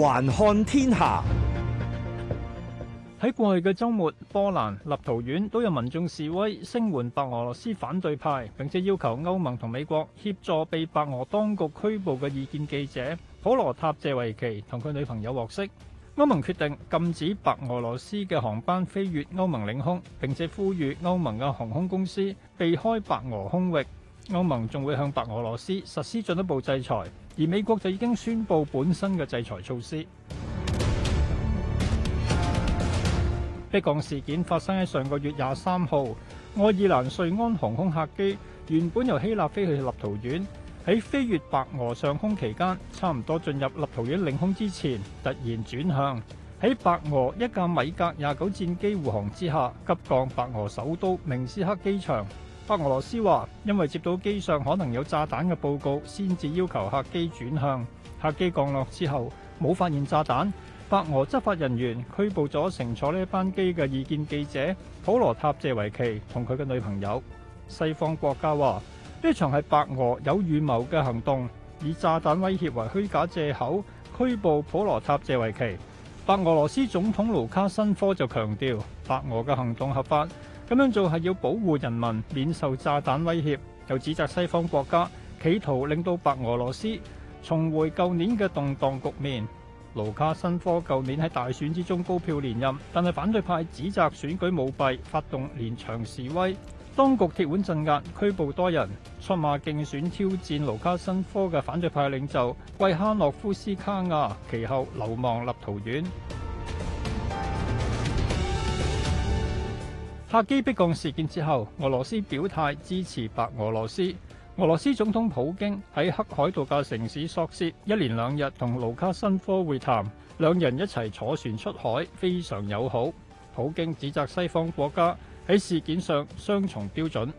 環看天下喺過去嘅周末，波蘭、立陶宛都有民眾示威聲援白俄羅斯反對派，並且要求歐盟同美國協助被白俄當局拘捕嘅異見記者普羅塔謝維奇同佢女朋友獲釋，歐盟決定禁止白俄羅斯嘅航班飛越歐盟領空，並且呼籲歐盟嘅航空公司避開白俄空域。歐盟仲會向白俄羅斯實施進一步制裁，而美國就已經宣布本身嘅制裁措施。 迫降事件發生喺上個月廿三號，愛爾蘭瑞安航空客機原本由希臘飛去立陶宛，喺飛越白俄上空期間，差唔多進入立陶宛領空之前，突然轉向，喺白俄一架米格廿九戰機護航之下急降白俄首都明斯克機場。白俄羅斯話，因為接到機上可能有炸彈嘅報告，先至要求客機轉向。客機降落之後，冇發現炸彈。白俄執法人員拘捕咗乘坐呢班機嘅異見記者普羅塔謝維奇同佢嘅女朋友。西方國家話，呢場係白俄有預謀嘅行動，以炸彈威脅為虛假藉口拘捕普羅塔謝維奇。白俄羅斯總統盧卡申科就強調，白俄嘅行動合法。咁樣做係要保護人民免受炸彈威脅，又指責西方國家企圖令到白俄羅斯重回舊年嘅動盪局面。盧卡申科舊年喺大選之中高票連任，但係反對派指責選舉舞弊，發動連場示威，當局鐵腕鎮壓，拘捕多人。出馬競選挑戰盧卡申科嘅反對派領袖季哈諾夫斯卡亞，其後流亡立陶宛。客機迫降事件之後，俄羅斯表態支持白俄羅斯。俄羅斯總統普京喺黑海度假城市索契一連兩日同盧卡申科會談，兩人一齊坐船出海，非常友好。普京指責西方國家喺事件上雙重標準。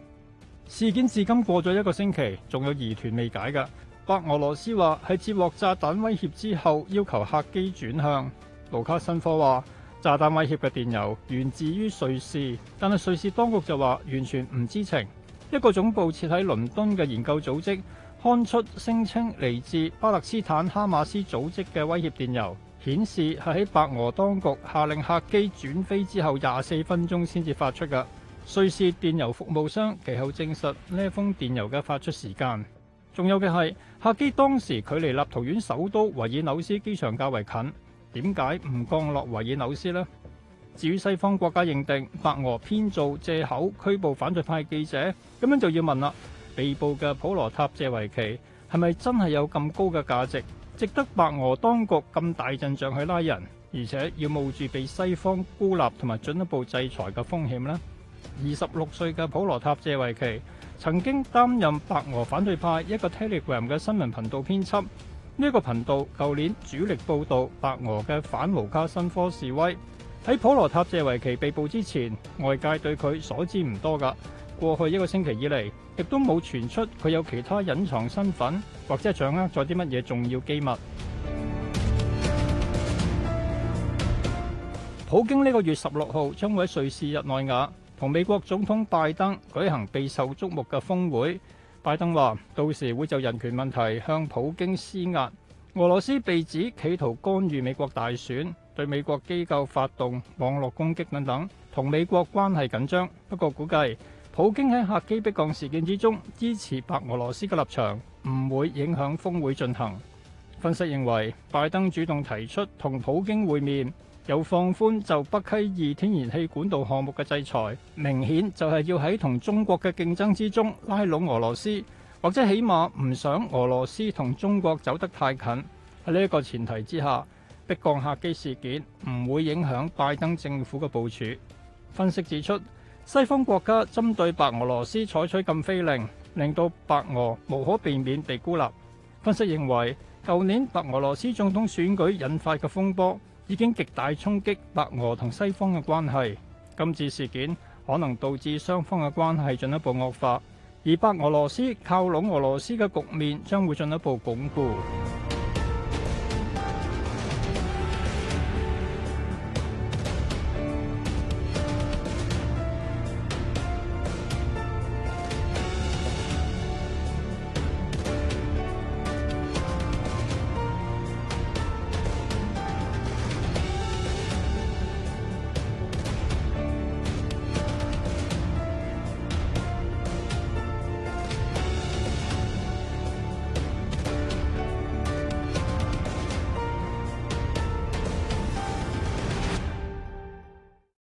事件至今過咗一個星期，仲有疑團未解嘅。白俄羅斯話喺接獲炸彈威脅之後，要求客機轉向。盧卡申科話。炸彈威脅嘅電郵源自於瑞士，但係瑞士當局就話完全唔知情。一個總部設喺倫敦嘅研究組織刊出聲稱嚟自巴勒斯坦哈馬斯組織嘅威脅電郵，顯示係喺白俄當局下令客機轉飛之後廿四分鐘先至發出嘅。瑞士電郵服務商其後證實呢封電郵嘅發出時間。仲有嘅係客機當時距離立陶宛首都維爾紐斯機場較為近。點解唔降落維爾紐斯呢？至於西方國家認定白俄編造藉口拘捕反對派記者，咁樣就要問啦：被捕嘅普羅塔謝維奇係咪真係有咁高嘅價值，值得白俄當局咁大陣仗去拉人，而且要冒住被西方孤立同埋進一步制裁嘅風險呢？二十六歲嘅普羅塔謝維奇曾經擔任白俄反對派一個 Telegram 嘅新聞頻道編輯。呢一個頻道舊年主力報導白俄嘅反盧卡申科示威，喺普羅塔謝維奇被捕之前，外界對佢所知唔多噶。過去一個星期以嚟，亦都冇傳出佢有其他隱藏身份，或者掌握咗啲乜嘢重要機密。 普京呢個月十六號將會喺瑞士日內瓦同美國總統拜登舉行備受矚目嘅峰會。拜登話：到時會就人權問題向普京施壓。俄羅斯被指企圖干預美國大選，對美國機構發動網絡攻擊等等，同美國關係緊張。不過估計，普京喺客機迫降事件之中支持白俄羅斯嘅立場，唔會影響峰會進行。分析認為，拜登主動提出同普京會面。有放寬就北溪二天然氣管道項目嘅制裁，明顯就係要喺同中國嘅競爭之中拉攏俄羅斯，或者起碼唔想俄羅斯同中國走得太近。喺呢一個前提之下，迫降客機事件唔會影響拜登政府嘅部署。分析指出，西方國家針對白俄羅斯採取禁飛令，令到白俄無可避免被孤立。分析認為，舊年白俄羅斯總統選舉引發嘅風波。已經極大衝擊白俄同西方嘅關係，今次事件可能導致雙方嘅關係進一步惡化，而白俄羅斯靠攏俄羅斯嘅局面將會進一步鞏固。